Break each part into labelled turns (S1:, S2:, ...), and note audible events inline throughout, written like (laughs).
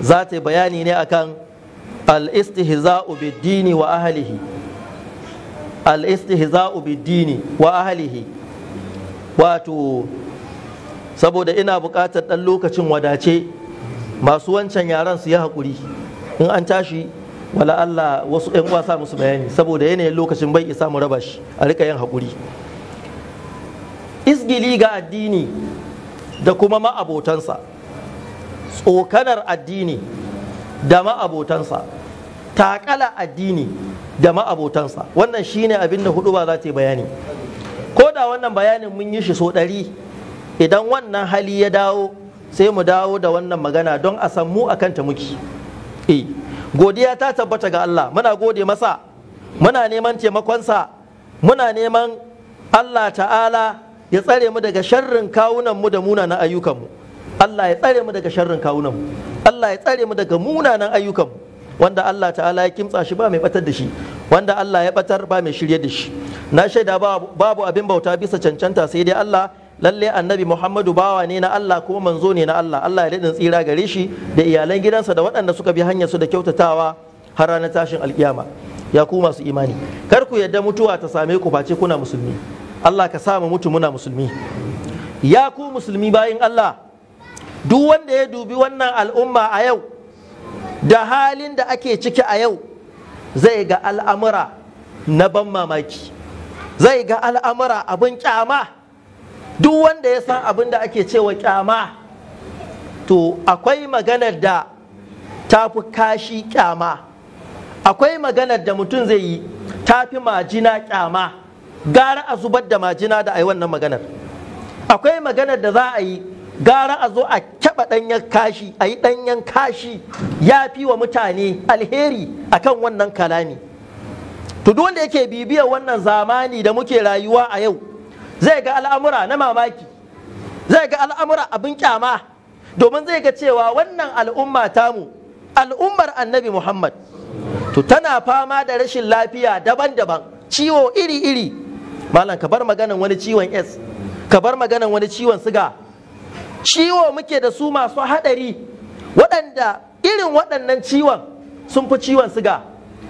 S1: za ta bayani ne akan al-istihza'u bid-dini wa ahlihi al-istihza'u bid-dini wa ahlihi wato saboda ina buƙatar ɗan lokacin wadace masu wancan yaran su yi haƙuri in an tashi wala Allah wasu ƴan uwa sa musu bayani saboda yanayin lokacin bai isa mu raba shi a rika yin haƙuri isgili ga addini da kuma ma'abotansa tsokanar addini da ma'abotansa takala addini da ma'abotansa wannan shine abin da hudu ba za ta yi bayani ko da wannan bayanin mun yi shi so ɗari idan wannan hali ya dawo sai mu dawo da wannan magana don a san mu a kanta muke e godiya ta tabbata ga Allah muna gode masa muna neman taimakonsa muna neman Allah ta'ala ya tsare mu daga sharrin kawunanmu mu da munanan ayyukanmu Allah ya tsare mu daga sharrin kawunan Allah ya tsare mu daga munanan ayyukan wanda Allah ta'ala ya kimtsa shi ba mai batar da shi wanda Allah ya batar ba mai shirye da shi na shaida babu abin bauta bisa cancanta sai dai Allah lalle annabi Muhammadu bawa ne na Allah kuma manzo ne na Allah Allah ya daɗin tsira gare shi da iyalan gidansa da waɗanda suka bi hanyar su da kyautatawa har ranar tashin alkiyama ya ku masu imani kar ku yadda mutuwa ta same ku face kuna musulmi Allah ka sa mu mutu muna musulmi ya ku musulmi bayin Allah duk wanda ya dubi wannan al'umma a yau da halin da ake ciki a yau zai ga al'amura na ban mamaki zai ga al'amura abin kyama duk wanda ya san abin da ake cewa kyama to akwai maganar da ta fi kashi kyama akwai maganar da mutum zai yi ta fi majina kyama gara a zubar da majina da a yi wannan maganar akwai maganar da za a yi gara a zo a kyaɓa ɗanyen kashi a yi ɗanyen kashi ya fi wa mutane alheri akan wannan kalami to duk wanda yake bibiyar wannan zamani da muke rayuwa a yau zai ga al'amura na mamaki zai ga al'amura abin kyama domin zai ga cewa wannan al'umma tamu al'ummar annabi muhammad to tana fama da rashin lafiya daban-daban ciwo iri-iri malam ka bar maganan wani ciwon s ka bar maganan wani ciwon siga ciwo muke da su masu haɗari waɗanda irin waɗannan ciwon sun fi ciwon siga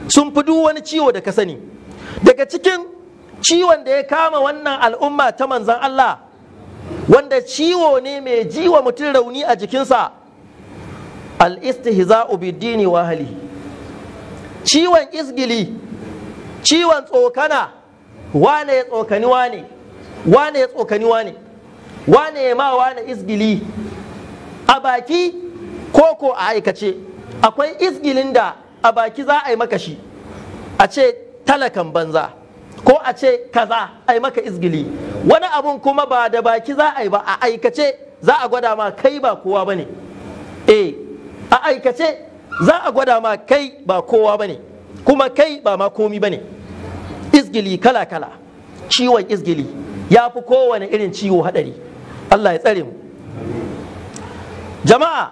S1: sun fi duk wani ciwo da ka sani daga cikin ciwon da ya kama wannan al'umma ta manzan Allah wanda ciwo ne mai jiwa mutum rauni a jikinsa al-istihza'u bid wa ciwon isgili ciwon tsokana wane ya tsokani wane wane ya tsokani wane wane ya ma wane izgili a baki ko ko a aikace akwai izgilin da a baki za a yi maka shi a ce talakan banza ko a ce kaza a yi maka izgili wani abun kuma ba da baki za a yi ba a aikace za a gwada ma kai ba kowa ba ne e a aikace za a gwada ma kai ba kowa ba ne kuma kai ba ma komi ba ne izgili kala-kala ciwon izgili ya fi kowane irin ciwo haɗari Allah ya tsare mu jama'a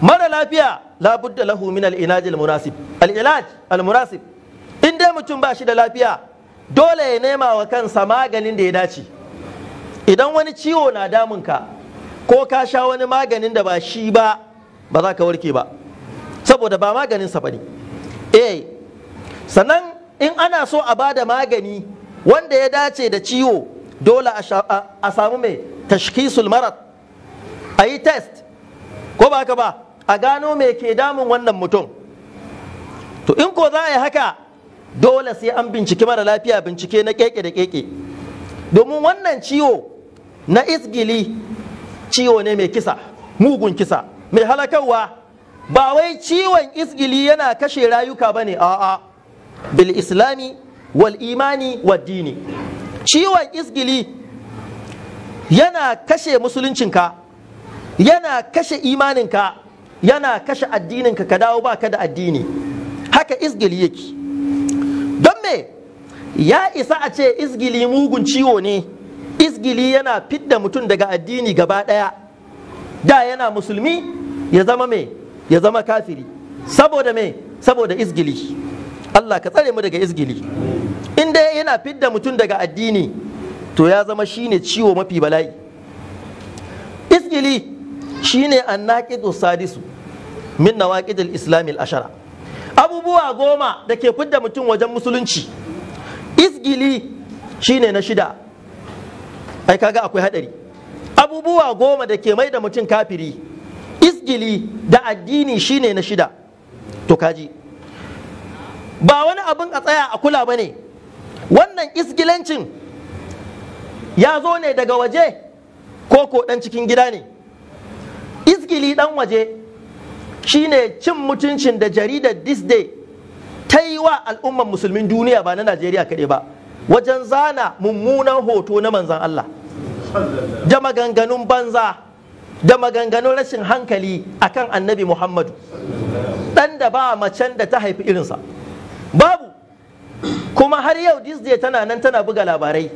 S1: mara lafiya labudda lahu min al-inaj al-munasib al-ilaj al-munasib in dai mutum ba shi da lafiya dole ya nema wa kansa maganin da ya dace idan wani ciwo na damun ka, ko ka sha wani maganin da ba shi ba ba za ka warke ba saboda ba maganin sa bane eh sannan in ana so a bada magani wanda ya dace da ciwo dole a samu mai tashkisul marat a yi test ko ba haka ba a gano me ke damun wannan mutum to in ko za a yi haka dole sai an binciki mara lafiya bincike na keke da keke domin wannan ciwo na isgili ciwo ne mai kisa mugun kisa mai halakarwa ba wai ciwon isgili yana kashe rayuka ba ne a'a bil islami wal imani wal dini ciwon isgili yana kashe musuluncinka yana kashe imaninka yana kashe addininka ka dawo ba ka da addini haka isgili yake don me ya isa a ce isgili mugun ciwo ne isgili yana fidda mutum daga addini gaba ɗaya da yana musulmi ya zama me ya zama kafiri saboda me saboda isgili Allah ka tsare mu daga izgili in dai yana fidda mutum daga addini to ya zama shine ciwo mafi bala'i izgili shine annaqidu sadisu min nawaqidil islam al ashara abubuwa goma da ke fidda mutum wajen musulunci izgili shine na shida ai kaga akwai hadari abubuwa goma da ke mai da mutum kafiri izgili da addini shine na shida to kaji ba wani abin a tsaya a kula ba ne wannan isgilancin ya zo ne daga waje ko ko ɗan cikin gida ne isgili ɗan waje shine cin mutuncin da jaridar day ta yi wa al'ummar musulmin duniya ba na najeriya kaɗai ba wajen zana mummunan hoto na manzan allah da maganganun banza da maganganun rashin hankali akan annabi muhammadu ɗan da ba macen da ta haifi irinsa babu kuma har yau disney tana nan tana buga labarai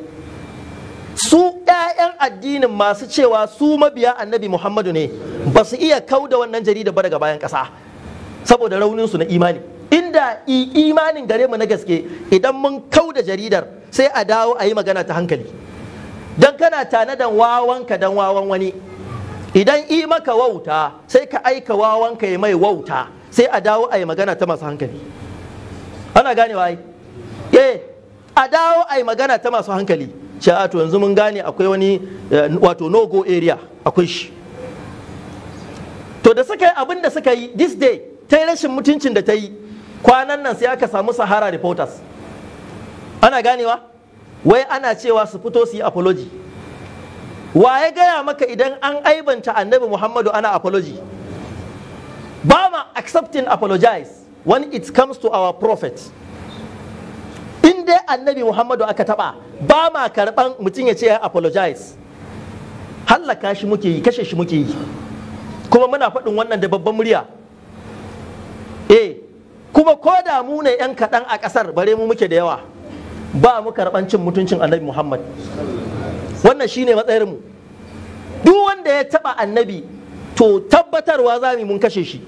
S1: su 'ya'yan addinin masu cewa su mabiya annabi muhammadu ne ba su iya kau da wannan jarida ba daga bayan ƙasa saboda rauninsu na imani inda imanin gare mu na gaske idan mun kau da jaridar sai a dawo a yi magana ta hankali don kana tanadan wawanka don wawan wani idan i maka wauta sai ka aika wawanka ya mai wauta sai a dawo a yi magana ta masu hankali ana gane wai eh a dawo ai magana ta masu hankali cewa ah, to yanzu mun gane akwai wani eh, wato no go area akwai shi to da suka yi abin da suka yi this day ta rashin mutuncin da ta yi kwanan nan sai aka samu sahara reporters ana ganewa wai ana cewa su fito su yi apology wa ya gaya maka idan an aibanta annabi muhammadu ana apology ba ma accepting apologize when it comes to our prophet in dai annabi muhammadu aka taba ba ma karban mutum ya ce ya apologize hallaka shi muke yi kashe shi muke yi kuma muna faɗin wannan da babban murya eh kuma ko da mu ne yan kaɗan a ƙasar bare mu muke da yawa ba mu karɓan cin mutuncin annabi muhammad wannan shine matsayar mu duk wanda ya taba annabi to tabbatarwa za mu mun kashe shi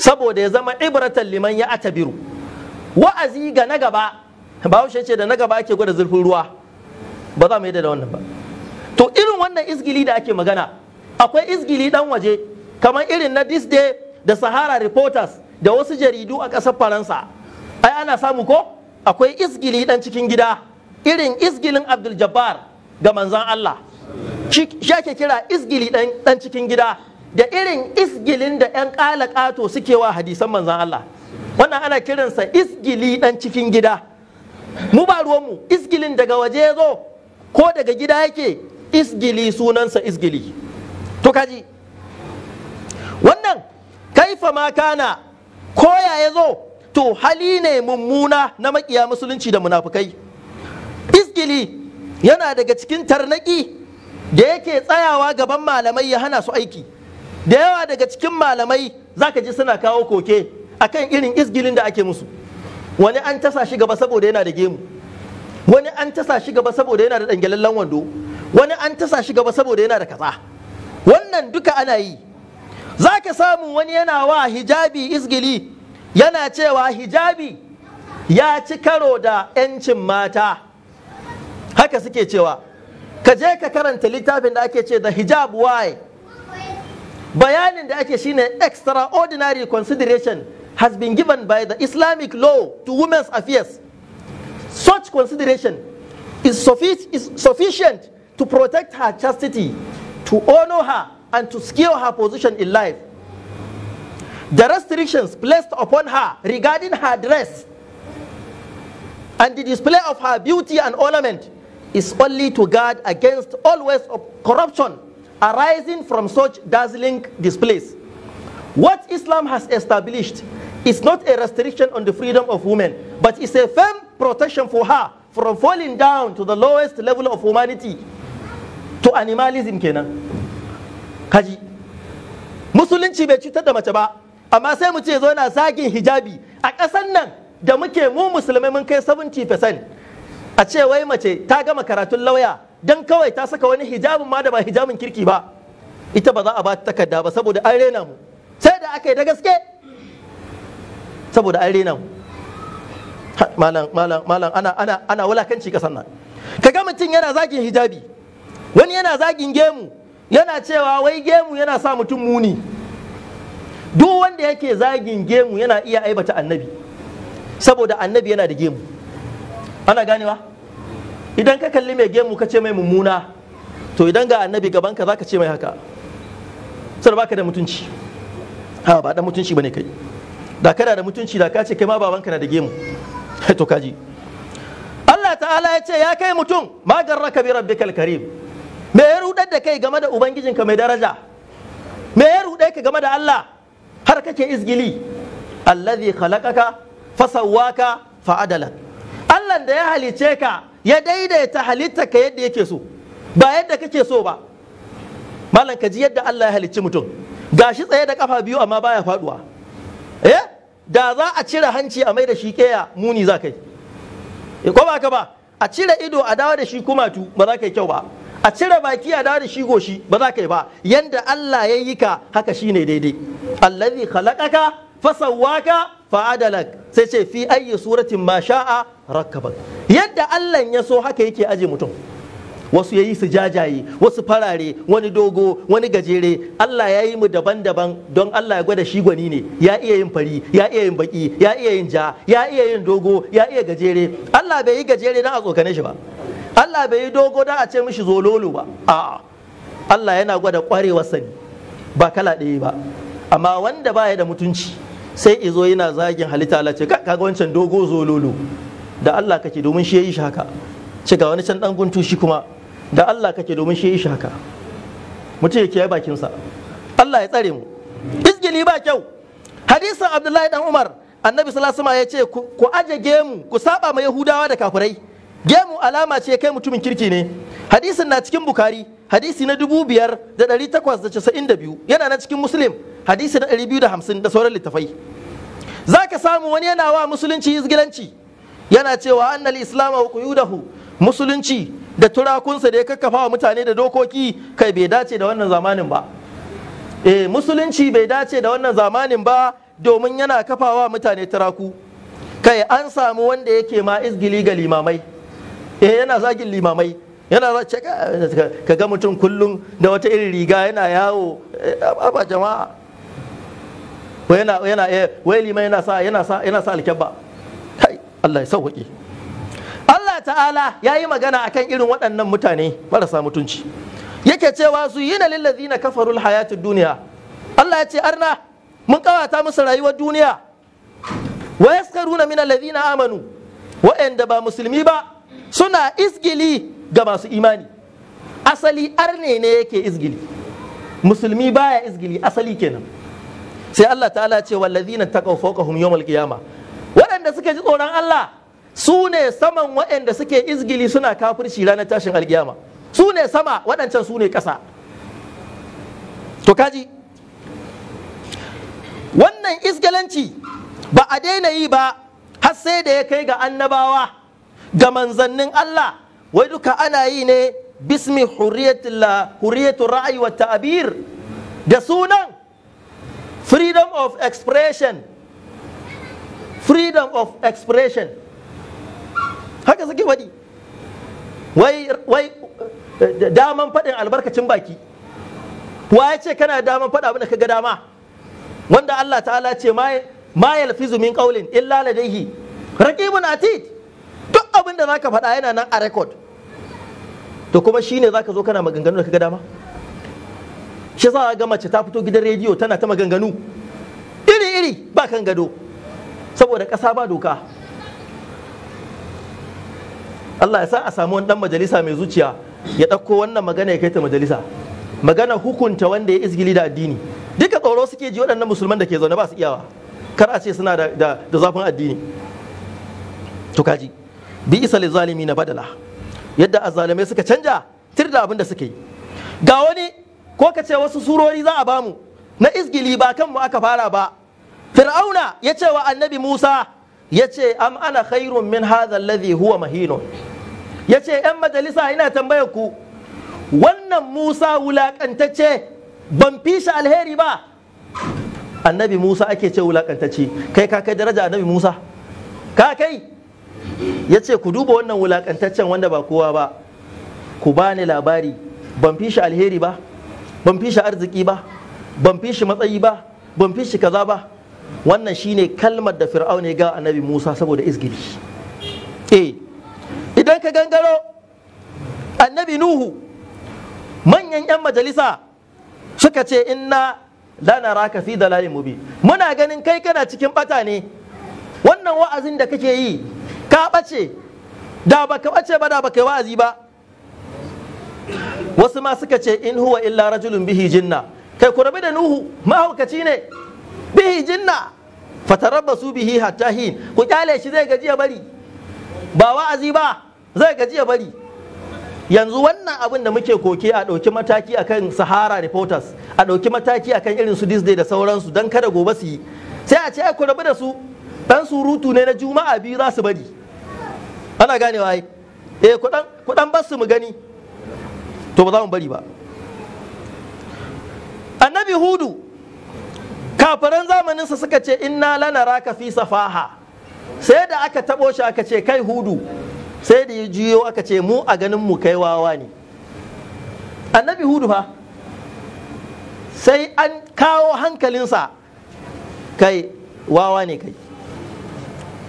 S1: saboda ya zama ibratan liman ya atabiru wa'azi ga na gaba bahaushe ce da na gaba ake gwada zurfin ruwa ba za mu yi da wannan ba to irin wannan izgili da ake magana akwai izgili dan waje kamar irin na this day da sahara reporters da wasu jaridu a ƙasar faransa ai ana samu ko akwai izgili dan cikin gida irin izgilin abdul jabbar ga manzan allah shi ake kira izgili dan cikin gida da irin isgilin da 'yan ƙato suke wa hadisan manzan Allah wannan ana kiransa isgili ɗan cikin gida mu ba ruwanmu isgilin daga waje ya zo ko daga gida yake isgili sunansa isgili to kaji wannan kaifa ma kana koya ya zo to hali ne mummuna na makiya musulunci da munafukai isgili yana daga cikin tarnaki da yake tsayawa gaban malamai ya hana su aiki da yawa daga cikin malamai zaka ji suna kawo koke akan irin isgilin da ake musu wani an tasa shi gaba saboda yana da gemu wani an tasa shi gaba saboda yana da dangalallen wando wani an tasa shi gaba saboda yana da kaza wannan duka ana yi Zaka samu wani yana wa hijabi isgili yana cewa hijabi ya ci karo da 'yancin mata haka suke cewa ka je ka karanta littafin da ake ce da hijab why bayanin da ake shine extraordinary consideration has been given by the Islamic law to women's affairs. Such consideration is, suffic is sufficient to protect her chastity, to honor her, and to secure her position in life. The restrictions placed upon her regarding her dress and the display of her beauty and ornament is only to guard against all ways of corruption arising from such dazzling displays. What Islam has established is not a restriction on the freedom of women, but is a firm protection for her from falling down to the lowest level of humanity, to animalism kenan. Kaji, musulunci bai cutar da mace ba, amma sai mu ce zona zagin hijabi a jamu nan da muke mu musulmai mun kai 70% a ce wai mace ta gama karatun lauya dan kawai ta saka wani hijabin ma da ba hijabin kirki ba ita ba za a ba ta takarda ba saboda an rena mu sai da aka yi da gaske saboda an rena mu malam malam malam ana ana ana wulakanci kasan nan kaga mutum yana zagin hijabi wani yana zagin gemu yana cewa wai gemu yana sa mutum muni duk wanda yake zagin gemu yana iya aibata annabi saboda annabi yana da gemu ana ganewa idan ka kalli mai gemu ka ce mai mummuna to idan ga annabi gabanka za ka ce mai haka sai baka da mutunci ha ba da mutunci bane kai da kana da mutunci da ka ce kai ma babanka na da gemu (laughs) to kaji Allah ta'ala ya ce ya kai mutum ma garraka bi rabbikal karim me ya rudar da kai game da ubangijinka mai daraja me ya rude ka game da Allah har kake izgili allazi khalaqaka fasawwaka fa'adalak Allah da ya halice ka ya daidaita halitta ka yadda yake so ba yadda kake so ba malam ka ji yadda Allah ya halicci mutum Ga shi tsaye da kafa biyu amma baya faduwa eh da za a cire hanci a mai da shi keya muni za kai eh, ko ba ba a cire ido a dawo da shi kuma tu ba za ka yi kyau ba a cire baki a dawo da shi goshi ba za kai ba yanda Allah ya yi ka haka shine daidai allazi khalaqaka fasawwaka fa'adalak sai ce fi ayyi suratin ma sha'a rakkabak yadda Allah ya so haka yake aje mutum wasu yayi su jajaye wasu farare wani dogo wani gajere Allah ya yi mu daban-daban don Allah ya gwada shi gwani ne ya iya yin fari ya iya yin baki ya iya yin ja ya iya yin dogo ya iya gajere Allah bai yi gajere don a tsokane shi ba Allah bai yi dogo don a ce mishi zololo ba a Allah yana gwada kwarewar sani ba kala ɗaya ba amma wanda baya da mutunci sai izo yana zagin halitta Allah ce ka ga wancan dogo zololo da Allah kake domin shi yayi shi haka ce ga wani can dan guntu shi kuma da Allah kake domin shi yayi shi haka mutum ya kiyaye bakin sa Allah ya tsare mu izgili ba kyau hadisin Abdullahi dan Umar annabi sallallahu alaihi ya ce ku aje gemu ku saba ma yahudawa da kafirai gemu alama ce kai mutumin kirki ne hadisin na cikin bukari hadisi na dubu biyar da ɗari takwas da casa'in da biyu yana na cikin muslim hadisi na ɗari biyu da hamsin da sauran littafai za ka samu wani yana wa musulunci izgilanci yana cewa annal islamu wa kuyudahu musulunci da turakunsa da ya kakkafa wa mutane da dokoki kai bai dace da wannan zamanin ba eh musulunci bai dace da wannan zamanin ba domin yana kafawa mutane turaku kai an samu wanda yake ma izgili ga limamai eh yana zagin limamai yana za ka ga mutum kullum da wata irin riga yana yawo eh, a jama'a wai yana yana eh, wai yana sa yana sa yana sa alkebba kai Allah ya sauke Allah ta'ala ya yi magana akan irin waɗannan mutane marasa mutunci yake cewa su yi na na kafarul hayatid duniya Allah ya ce arna mun kawata musu rayuwar duniya wa na min allazina amanu wa'anda ba musulmi ba suna izgili ga masu imani asali arne ne yake izgili musulmi baya izgili asali kenan sai Allah ta'ala ce wallazina taqaw fawqahum yawmal qiyama waɗanda suke ji tsoron Allah su ne saman waɗanda suke izgili suna kafirci ranar tashin alkiyama su ne sama waɗancan su ne ƙasa to kaji wannan izgilanci ba a daina yi ba har sai da ya kai ga annabawa ga manzannin Allah wai duka ana yi ne bismi huriyatul ra'ayi wa ta'abir da sunan freedom of expression freedom of expression haka suke faɗi wai daman faɗin albarkacin baki wa ya ce kana daman faɗa abin da ka ga dama wanda Allah ta'ala ce ma yalfizu min qawlin illa ladayhi raqibun atid duk abin da zaka faɗa yana nan a record to kuma shine zaka zo kana maganganu da ka ga dama shi za ga mace ta fito gidan rediyo tana ta maganganu iri iri ba kan gado saboda ƙasa ba doka Allah ya sa a samu wani dan majalisa mai zuciya ya ɗauko wannan magana ya kai ta majalisa magana hukunta wanda ya izgili da addini duka tsoro suke ji waɗannan musulman da ke zaune ba su iyawa kar a ce suna da zafin addini to kaji bi isa zalimi na badala yadda azzalumai suka canja tir da abin da suke yi ga wani ko ka ce wasu surori za a bamu na izgili ba kanmu aka fara ba fir'auna ya ce wa annabi musa ya ce am ana khairun min hadha alladhi huwa mahinun ya ce yan majalisa ina tambayar ku wannan musa wulakantacce ban fi shi alheri ba annabi musa ake ce wulakantacce kai ka kai daraja annabi musa ka kai ya ce ku duba wannan wulakantaccen wanda ba kowa ba ku bani labari ban fi shi alheri ba ban fi shi arziki ba ban fi shi matsayi ba ban fi shi kaza ba wannan shine kalmar da fir'aun ya ga annabi Musa saboda izgili eh idan ka gangaro annabi Nuhu manyan 'yan majalisa suka ce inna lanaraka fi dalalin mubi muna ganin kai kana cikin bata ne wannan wa'azin da kake yi ka ɓace da baka ɓace ba da baka wa'azi ba wasu ma suka ce in huwa illa rajulun bihi jinna kai ku rabu da nuhu mahaukaci ne bihi jinna su bihi hatta hin ku kyale shi zai gaji bari ba wa'azi ba zai gajiya bari yanzu wannan abin da muke koke a ɗauki mataki akan sahara reporters a ɗauki mataki akan irin su disney da sauransu don kada gobe su yi sai a ce ku rabu da su dan surutu ne na juma'a biyu za su bari ana ganewa ai eh ku dan bar su mu gani to ba za mu bari ba annabi hudu kafiran sa suka ce inna raka fi safaha sai da aka tabo shi aka ce kai hudu sai da ya juyo aka ce mu a ganin mu kai wawa ne annabi hudu fa sai an kawo hankalinsa kai wawa ne kai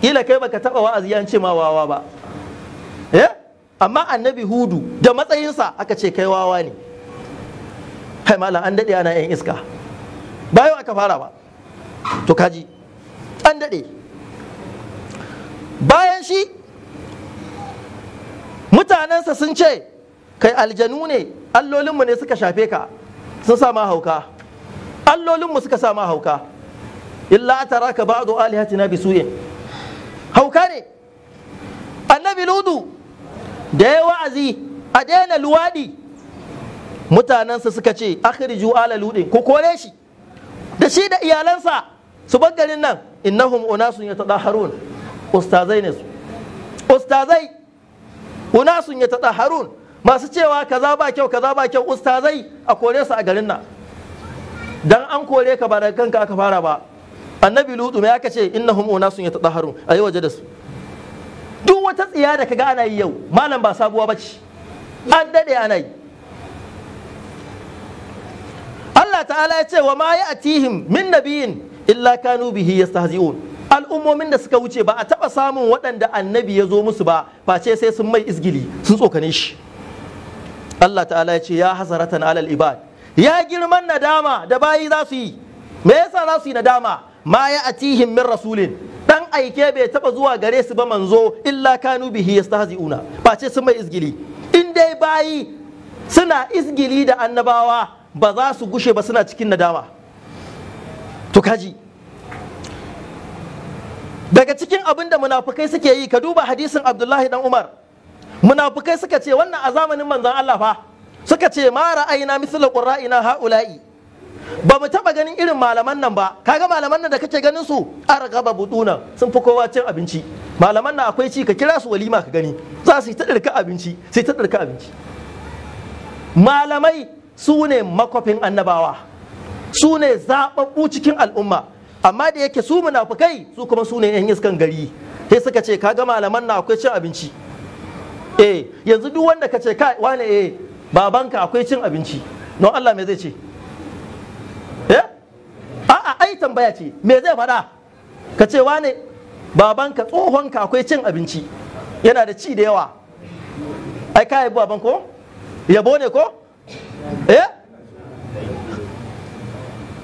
S1: kila kai baka taba wa'azi an ce ma wawa ba eh amma annabi hudu da matsayinsa aka ce kai wawa ne kai malam an daɗe ana yan iska bayan aka fara ba to kaji an daɗe bayan shi mutanensa sun ce kai aljanu ne allolinmu ne suka shafe ka sun sa ma hauka allolinmu suka sa ma hauka illa ataraka ba'du alihatina bisu'in hauka ne annabi ludu da ya wa'azi a daina luwaɗi mutanensa suka ce akhriju ala ludin ko kore shi da shi da iyalansa su bar garin nan innahum unasun harun ustazai ne su ustazai unasun harun. masu cewa kaza ba kyau kaza ba kyau ustazai a kore su a garin nan dan an kore ka ba daga kanka aka fara ba annabi lutu mai aka ce innahum unasun A ayi waje da su duk wata tsiya da kaga ana yi yau malam ba sabuwa bace. an dade ana yi Allah ta'ala ya ce wa ma ya min nabiyin illa kanu bihi yastahzi'un al'ummomin da suka wuce ba a taba samun waɗanda annabi ya zo musu ba face sai sun mai izgili sun tsokane shi Allah ta'ala ya ce ya hasaratan alal ibad ya girman nadama da bayi za su yi me yasa za su yi nadama ma ya min rasulin aike bai taba zuwa gare su ba manzo illa kanu bihi yastahzi'una ba ce sun mai izgili in dai bayi suna izgili da annabawa ba za su gushe ba suna cikin nadama to kaji daga cikin abin da munafukai suke yi ka duba hadisin abdullahi dan umar munafukai suka ce wannan a zamanin manzon Allah fa suka ce ma ra'ayina misla qurra'ina ha'ula'i ba mu taba ganin irin malaman nan ba kaga malaman nan da kake ganin su argaba butuna sun fi kowa cin abinci malaman nan akwai ci ka kira su walima ka gani za su yi ta dirka abinci sai ta dirka abinci malamai su ne makofin annabawa su ne zababbu cikin al'umma amma da yake su munafukai su kuma su ne yan iskan gari sai suka ce kaga malaman nan akwai cin abinci eh yanzu duk wanda ka ce ka wane eh babanka akwai cin abinci don Allah me zai ce Eh? a'a ai tambaya ce me zai faɗa ka ce wane babanka tsohonka akwai cin abinci yana da ci da yawa ai ka yabi baban ko yabo ne ko eh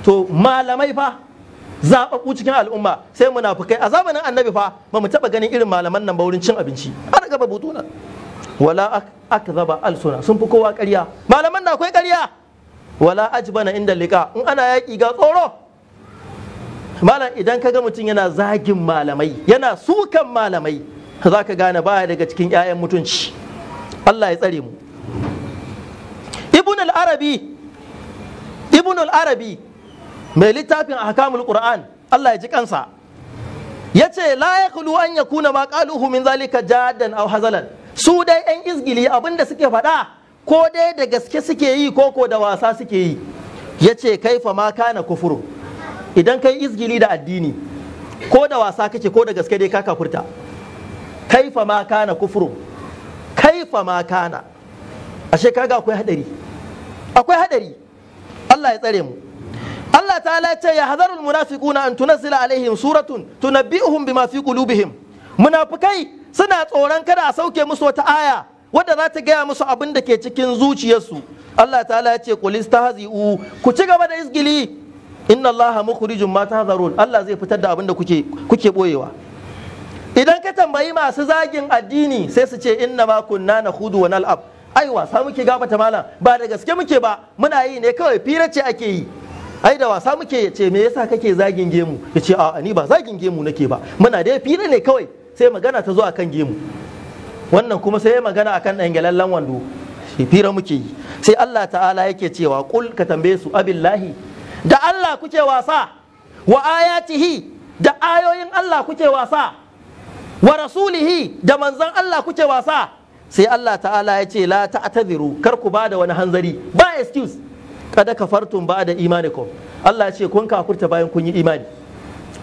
S1: to malamai fa zaɓaɓɓu cikin al'umma sai munafukai a zamanin annabi fa ba mu taɓa ganin irin malaman nan ba wurin cin abinci an gaba butuna wala aka zaba suna sun fi kowa ƙarya malaman na akwai ƙarya wala ajbana inda liqa in ana yaki ga tsoro malam idan kaga mutum yana zagin malamai yana sukan malamai za ka gane baya daga cikin 'ya'yan mutunci Allah ya tsare mu ibn al-arabi ibn al-arabi mai littafin ahkamul qur'an Allah ya ji kansa yace la yakhlu an yakuna ma qaluhu min zalika jaddan aw hazalan su dai 'yan izgili abinda suke faɗa ko dai da gaske suke yi ko ko da wasa suke yi ya ce kaifa ma kana kufuru idan kai izgili da addini ko da wasa kake ko da gaske dai ka kafurta kaifa ma kana kufuru kaifa ma kana ashe kaga akwai hadari akwai hadari Allah ya tsare mu Allah ta'ala ce ya hadarul munafiquna an tunazzila alaihim suratun tunabbi'uhum bima fi qulubihim munafikai suna tsoron kada a sauke musu wata aya wadda za ta gaya musu abin da ke cikin zuciyarsu Allah ta'ala ya ce qul ku ci gaba da isgili inna Allah rijin ma tahzarun Allah zai fitar da abin da kuke kuke boyewa idan ka tambayi masu zagin addini sai su ce inna ma kunna hudu wa nal'ab ai wasa muke gabata malam ba da gaske muke ba muna yi ne kawai fira ce ake yi ai da wasa muke ce me yasa kake zagin gemu ya ce a'a ni ba zagin gemu nake ba muna dai fira ne kawai sai magana ta zo akan gemu wannan kuma sai magana akan dangalallen wando fira muke yi sai Allah ta'ala yake cewa kul ka tambaye su abillahi da Allah kuke wasa wa ayatihi da ayoyin Allah kuke wasa wa rasulihi da manzon Allah kuke wasa sai Allah ta'ala ya ce la ta'tadhiru kar ku bada wani hanzari ba excuse kada kafartum ba da imanikum Allah ya ce kun kafurta bayan kun yi imani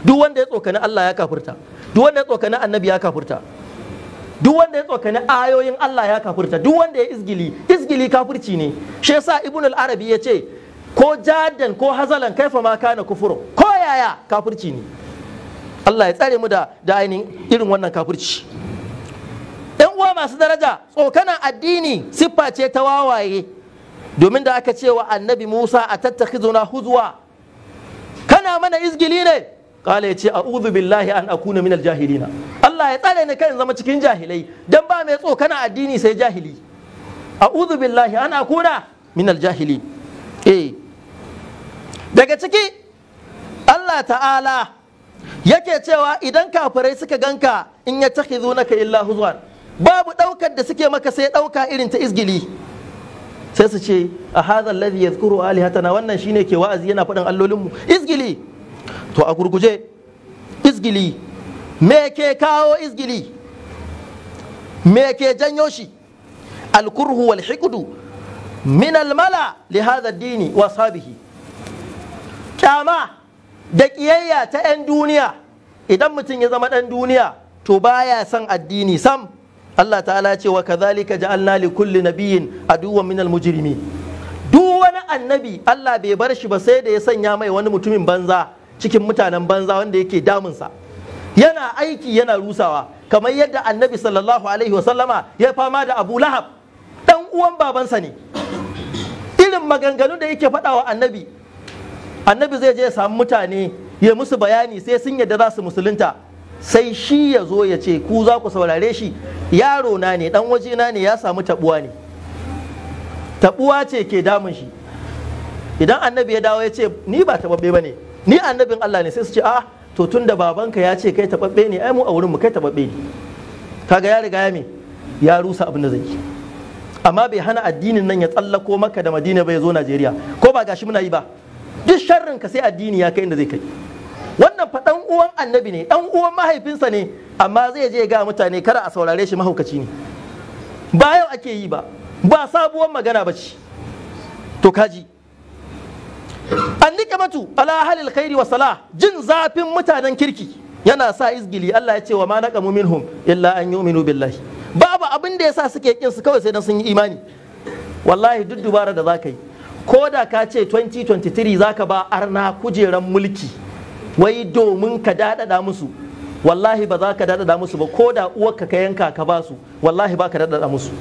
S1: duk wanda ya tsokani Allah ya kafurta duk wanda ya tsokani annabi ya kafurta duk wanda ya tsokani ayoyin Allah ya kafirta duk wanda ya izgili izgili kafirci ne shi yasa ibn al-arabi ya ce ko jadan ko hazalan kaifa ma kana kufuru ko yaya kafirci ne Allah ya tsare mu da da ainihin irin wannan kafirci yan uwa masu daraja tsokanan addini siffa ce ta wawaye domin da aka ce wa annabi Musa a tattakhizuna huzwa kana mana izgili ne kala ya ce a'udhu billahi an akuna minal jahilina Allah ya tsare ni kan zama cikin jahilai dan ba mai tsokana addini sai jahili a'udhu billahi an akuna minal jahili eh daga ciki Allah ta'ala yake cewa idan kafirai suka ganka in ya takhizunaka illa huzwan babu daukar da suke maka sai dauka irin ta izgili sai su ce a hadha alladhi yadhkuru alihatana wannan shine ke wa'azi yana faɗin allolinmu izgili to a gurguje izgili me ke kawo izgili me ke janyo shi alkurhu wal hikudu min almala li hadha dini wa sabihi kyama da kiyayya ta 'yan duniya idan mutum ya zama ɗan duniya to baya son addini sam Allah ta'ala ce wa kadhalika ja'alna li kulli nabiyyin aduwwan minal mujrimin duk wani annabi Allah bai bar shi ba sai da ya sanya mai wani mutumin banza cikin mutanen banza wanda yake damunsa yana aiki yana rusawa kamar yadda annabi sallallahu alaihi wasallama ya fama da abu lahab dan uwan babansa ne irin maganganu da yake faɗawa annabi annabi zai je ya samu mutane ya musu bayani sai sun yadda za su musulunta sai shi ya zo ya ce ku za ku saurare shi yaro na ne dan waje na ne ya samu tabuwa ne tabuwa ce ke damun shi idan annabi ya dawo ya ce ni ba tababbe ba ne ni annabin Allah ne sai su ce a to tun da babanka ya ce kai tababbe ne ai mu a wurin mu kai tababbe ne kaga ya riga ya me ya rusa abin da zai amma bai hana addinin nan ya tsallako maka da madina bai zo najeriya ko ba gashi muna yi ba duk sharrin ka sai addini ya kai inda zai kai wannan fa dan uwan annabi ne dan uwan mahaifinsa ne amma zai je ga mutane kar a saurare shi mahaukaci ne ba yau ake yi ba ba sabuwar magana ba ce to kaji an niqmatu ala halil khairi wa salah jin zafin mutanen kirki yana sa izgili Allah ya ce wa ma naqamu minhum illa an yu'minu billahi babu abin da yasa suke kin su kawai sai dan sun yi imani wallahi duk dubara da zaka yi ko da ka ce 2023 zaka ba arna kujeran mulki wai domin ka dadada musu wallahi ba za ka dadada musu ba ko da uwarka ka yanka ka ba su wallahi ba ka dadada musu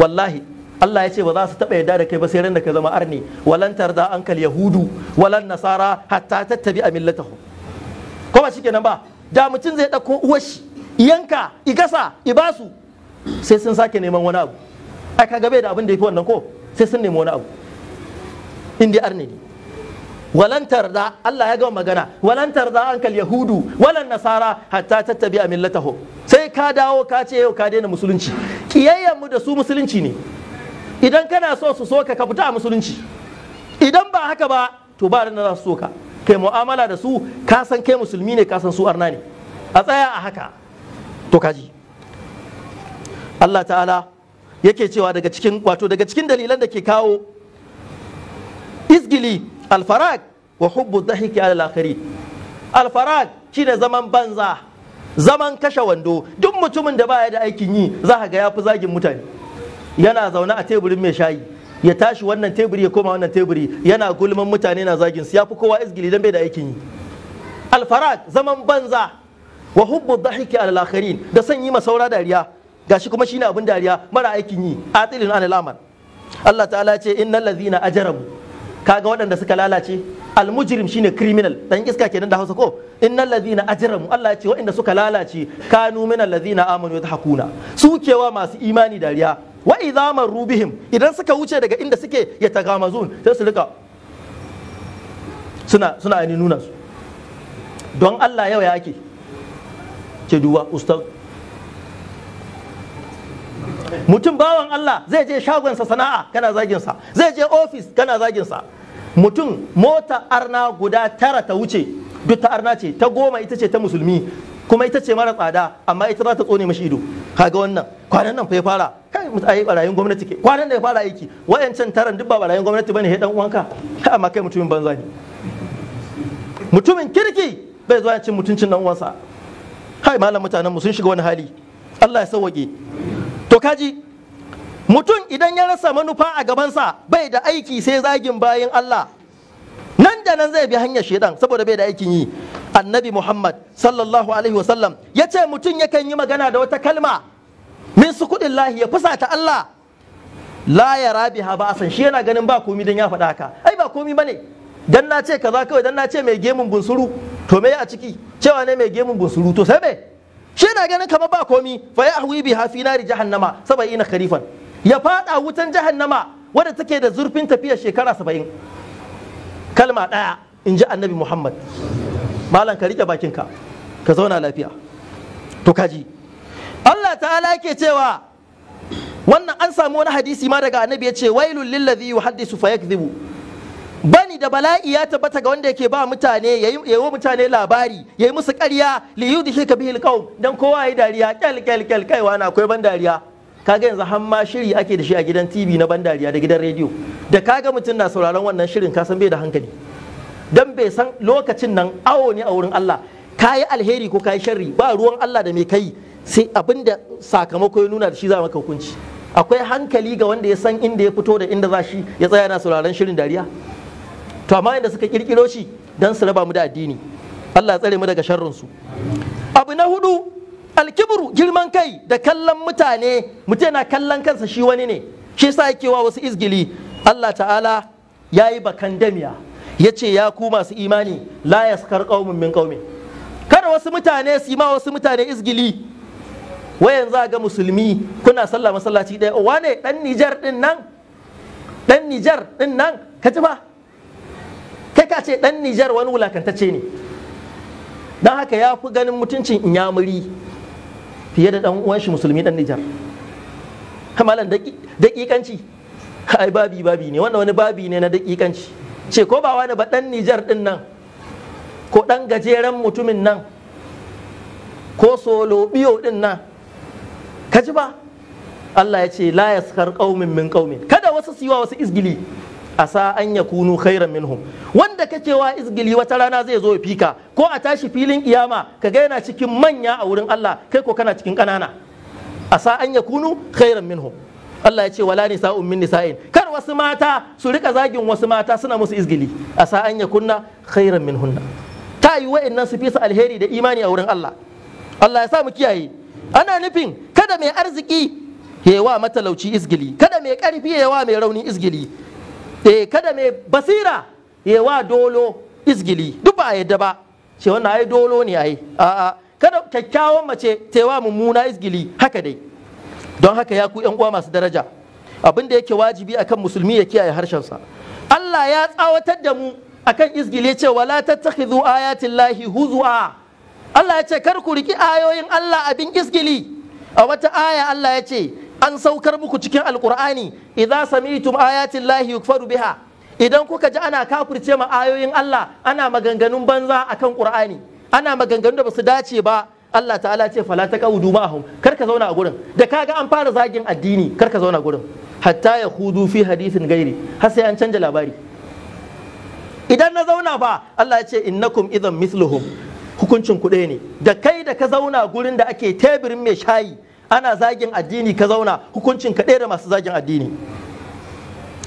S1: wallahi Allah ya ce ba za su taɓa yarda da kai ba sai ran da ka zama arni walan tarda ankal yahudu walan nasara hatta tattabi a ko ba nan ba da mutum zai ɗauko uwar shi yanka igasa ibasu sai sun sake neman wani abu ai kaga bai da abin da yafi wannan ko sai sun nemi wani abu in dai arni ne walan tarda Allah ya gama magana walan tarda ankal yahudu walan nasara hatta tattabi a sai ka dawo ka ce yau ka daina musulunci kiyayyen mu da su musulunci ne idan kana so su soka ka fita a musulunci idan ba haka ba to ba da za su ka kai mu'amala da su ka san kai musulmi ne ka san su arna ne a tsaya a haka to kaji Allah ta'ala yake cewa daga cikin wato daga cikin dalilan da ke kawo izgili alfarag wa hubbu dhahiki ala al-akhirin alfarag shine zaman banza zaman kashe wando duk mutumin da baya da aikin yi za ka ga yafi zagin mutane yana zaune a teburin mai shayi ya tashi wannan teburi ya koma wannan teburi yana gulman mutane na zagin su ya fi kowa izgili dan bai da aikin yi alfarak zaman banza wa hubbu dhahiki al akharin da son yi saura dariya gashi kuma shine abin dariya mara aikin yi a an al'amal Allah ta'ala ce innal ladhina Ka kaga waɗanda suka lalace al mujrim shine criminal dan iska kenan da Hausa ko innal ladhina ajramu Allah ya ce waɗanda suka lalace kanu minal ladhina amanu yadhakuna wa masu imani dariya wa idza marru idan suka wuce daga inda suke ya tagamazun sai su rika suna suna ainihin nuna su don Allah yau ya ake ke duwa ustaz mutum bawan Allah zai je shagonsa sana'a kana zaginsa zai je ofis kana zaginsa mutum mota arna guda tara ta wuce duk ta arna ce ta goma ita ce ta musulmi kuma ita ce mara tsada amma ita za ta tsone mashi ido kaga wannan kwanan nan fa ya fara kai mutane barayin gwamnati ke kwanan da ya fara aiki wayancan taron duk ba barayin gwamnati bane he dan uwanka amma kai mutumin banza ne mutumin kirki bai zuwa cin mutuncin dan uwansa kai malam mutanen mu sun shiga wani hali Allah ya sauwake to kaji mutum idan ya rasa manufa a gabansa bai da aiki sai zagin bayan Allah nan da nan zai bi hanyar shedan saboda bai da aikin yi annabi muhammad sallallahu alaihi wasallam ya ce mutum yakan yi magana da wata kalma min su kudin lahi ya fusa ta allah la ya rabi ha ba a san shi yana ganin ba komi don ya faɗa haka ai ba komi ba ne dan na ce kaza kawai dan na ce mai gemun bunsuru to me a ciki cewa ne mai gemun bunsuru to sai me shi yana ganin kamar ba komi fa ya ahwi biha fi nari jahannama saba'ina kharifan ya faɗa wutan jahannama wadda take da zurfin tafiyar shekara saba'in kalma ɗaya in ji annabi muhammad malam ka rike bakinka ka zauna lafiya to kaji Allah ta'ala ke cewa wannan an samu wani hadisi ma daga annabi ya ce wailul lillazi yuhaddisu fayakdhibu bani da bala'i ya tabbata ga wanda yake ba mutane yayi wa mutane labari yi musu ƙarya li ka bihil qaum dan kowa yayi dariya kyal kyal kyal kai wani akwai ban dariya kaga yanzu har ma shiri ake da shi a gidan TV na ban dariya da gidan rediyo da kaga mutum na sauraron wannan shirin ka san bai da hankali dan bai san lokacin nan awo ne a wurin Allah ka yi alheri ko ka yi sharri ba ruwan Allah da mai kai sai abinda sakamako ya nuna da shi za maka hukunci akwai hankali ga wanda ya san inda ya fito da inda za shi ya tsaya na sauraron shirin dariya to amma inda suka kirkiro shi dan su raba mu da addini Allah ya tsare mu daga sharrin su abu na hudu alkibru girman kai da kallon mutane mutum yana kallon kansa shi wani ne shi sa yake wa wasu izgili Allah ta'ala ya yi bakan damiya ya ce ya ku masu imani la yaskar ƙaumin min ƙaumi kada wasu mutane su ma wasu mutane izgili wayan za ga musulmi kuna sallah masallaci ɗaya o oh, ne ɗan Nijar ɗin nan ɗan Nijar ɗin nan ka ji ba kai ka ce ɗan Nijar wani wulakantacce ne don haka ya fi ganin mutuncin inyamuri fiye da ɗan uwan shi musulmi ɗan Nijar kamalan daƙiƙanci ai babi babi ne wannan wani babi ne na daƙiƙanci ce ko ba wani ba ɗan nijar ɗin nan ko ɗan gajeren mutumin nan ko biyo ɗin nan ka ji ba Allah ya ce la yaskar qaumin min qaumin kada wasu su yi wa wasu izgili sa an ya kunu khairan minhum wanda kake wa izgili wata rana zai zo ya fika ko a tashi filin kiyama ka ga yana cikin manya a wurin Allah kai ko kana cikin ƙanana sa an ya kunu khairan minhum Allah ya ce wala sa'un min nisa'in kar wasu mata su rika zagin wasu mata suna musu izgili a sa'an ya kunna khairan min hunna ta yi wa'annan su fi su alheri da imani a wurin Allah Allah ya sa mu kiyaye ana nufin kada mai arziki ya yi wa matalauci izgili kada mai karfi ya yi wa mai rauni izgili eh kada mai basira ya yi wa dolo izgili duk ba a yadda ba ce wannan ai dolo ne ai a'a kada kyakkyawan mace ta wa mummuna izgili haka dai don haka ya ku yan uwa masu daraja abin da yake wajibi akan musulmi ya kiyaye harshensa Allah ya tsawatar da mu akan izgile cewa la tattakhidhu ayatin huzwa Allah ya ce kar ku riki ayoyin Allah abin izgili a wata aya Allah ya ce an saukar muku cikin alqur'ani idza sami'tum ayatillahi lahi yukfaru biha idan kuka ji ana kafirce ma ayoyin Allah ana maganganun banza akan qur'ani ana maganganun da basu dace ba Allah ta'ala ce fala ta kaudu ma'ahum kar ka zauna a gurin da ka ga an fara zagin addini kar ka zauna a gurin hatta ya hudu fi hadisin, gairi har sai an canja labari idan na zauna ba Allah ya ce innakum idan misluhum hukuncin ku ne da kai da ka zauna gurin da ake teburin mai shayi ana zagin addini ka zauna hukuncin ka da masu zagin addini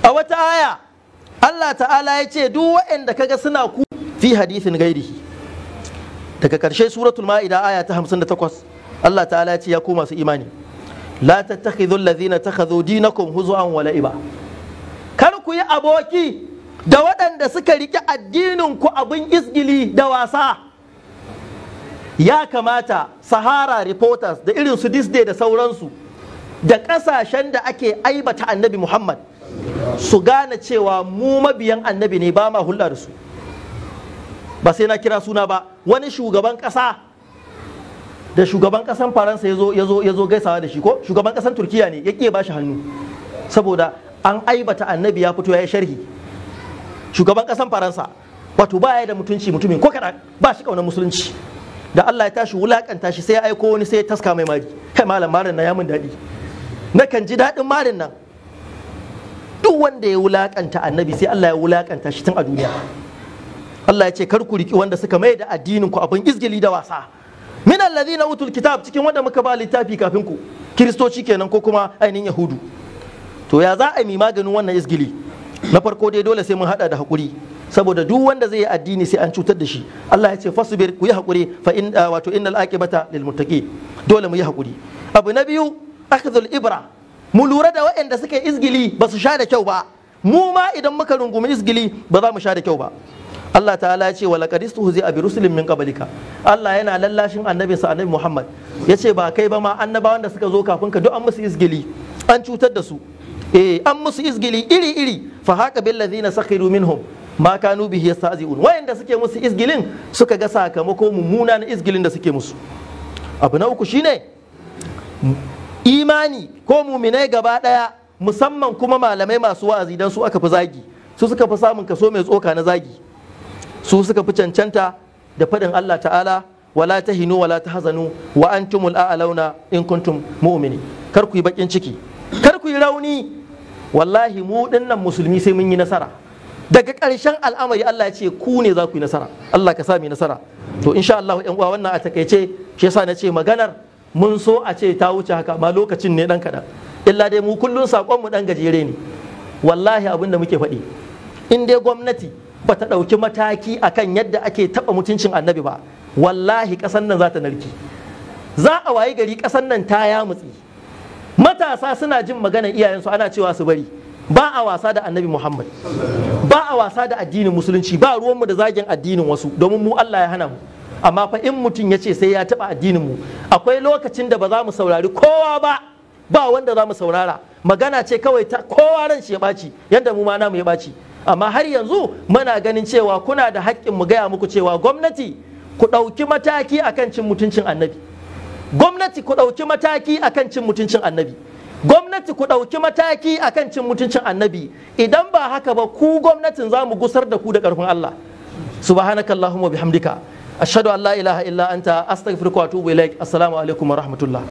S1: a wata aya Allah ta'ala ya ce duk waɗanda ka ga suna ku fi hadisin gairihi daga karshe suratul ma'ida aya ta 58 Allah ta'ala ya ce ya ku masu imani la tattakhidhu alladhina takhadhu dinakum huzuan wa la'iba kar ku yi aboki da waɗanda suka rike addinin ku abin isgili da wasa ya kamata sahara reporters da irin su disney da sauransu da ƙasashen da ake aibata annabi muhammad su gane cewa mu mabiyan annabi ne ba ma hulɗa da su ba sai na kira suna ba wani shugaban kasa, da shugaban kasan faransa ya zo gaisawa da shi ko shugaban kasan turkiya ne ya ƙi ba shi hannu saboda an aibata annabi ya fito ya yi sharhi shugaban kasan faransa wato ba ya da mutunci mutumin ko kaɗan ba shi ƙaunar musulunci da Allah ya tashi wulakanta shi sai ya aiko wani sai ya taska mai mari kai malam marin na ya mun daɗi na kan ji daɗin marin nan duk wanda ya wulakanta annabi sai Allah ya wulakanta shi tun a duniya Allah ya ce kar ku riki wanda suka mai da addinin ku abin izgili da wasa min na utul kitab cikin wanda muka ba littafi kafin ku kiristoci kenan ko kuma ainihin yahudu to ya za a yi maganin wannan izgili na farko dai dole sai mun hada da hakuri saboda duk wanda zai yi addini sai an cutar da shi Allah ya ce fasbir ku yi hakuri fa in ah, wato innal aqibata lil muttaqi dole mu yi hakuri abu na biyu akhdhul ibra mu lura da waɗanda suka yi izgili ba su sha da kyau ba mu ma idan muka rungumi izgili ba za mu sha da kyau ba Allah ta'ala ya ce wa laqad istuhzi abi rusulin min qablika Allah yana lallashin annabi sa annabi Muhammad yace ba kai ba ma annabawan da suka zo kafin ka duk an musu isgili an cutar da su eh an musu isgili iri iri fa haka bil ladhina sakhiru minhum ma kanu bihi yastahzi'un wayanda suke musu isgilin suka ga sakamako mummuna na isgilin da suke musu abu na uku shine imani ko muminai gaba daya musamman kuma malamai masu wa'azi dan su aka fi zagi su suka fi samun kaso mai tsoka na zagi su suka fi cancanta da faɗin Allah ta'ala wala hinu, wala tahzanu wa antumul a'launa in kuntum mu'mini kar ku yi bakin ciki kar ku yi rauni wallahi mu dinnan musulmi sai mun yi nasara daga ƙarshen al'amari Allah ya ce ku ne za ku yi nasara Allah ka sa mu nasara to insha Allah ƴan uwa wannan a takaice shi yasa na ce maganar mun so a ce ta wuce haka ma lokacin ne dan kaɗan illa dai mu kullun sakon mu dan gajere ne wallahi abin da muke faɗi in dai gwamnati ba ta ɗauki mataki akan yadda ake taɓa mutuncin annabi ba wallahi ƙasan nan za ta narki za a wayi gari ƙasan nan ta yamutse matasa suna jin magana iyayensu ana cewa su bari ba a wasa da annabi muhammad ba a wasa da addinin musulunci ba ruwanmu da zagin addinin wasu domin mu allah ya hana mu amma fa in mutum ya ce sai ya taɓa addinin mu akwai lokacin da ba za mu saurari kowa ba ba wanda za mu saurara magana ce kawai ta kowa ran shi ya ɓaci yadda mu ma namu ya ɓaci amma har yanzu muna ganin cewa kuna da haƙƙin mu gaya muku cewa gwamnati ku ɗauki mataki akan cin mutuncin annabi gwamnati ku ɗauki mataki akan cin mutuncin annabi gwamnati ku ɗauki mataki akan cin mutuncin annabi idan ba haka ba ku gwamnatin za mu gusar da ku da ƙarfin Allah subhanakallahumma bihamdika ashhadu an la ilaha illa anta astaghfiruka wa atubu ilaik assalamu alaikum wa rahmatullah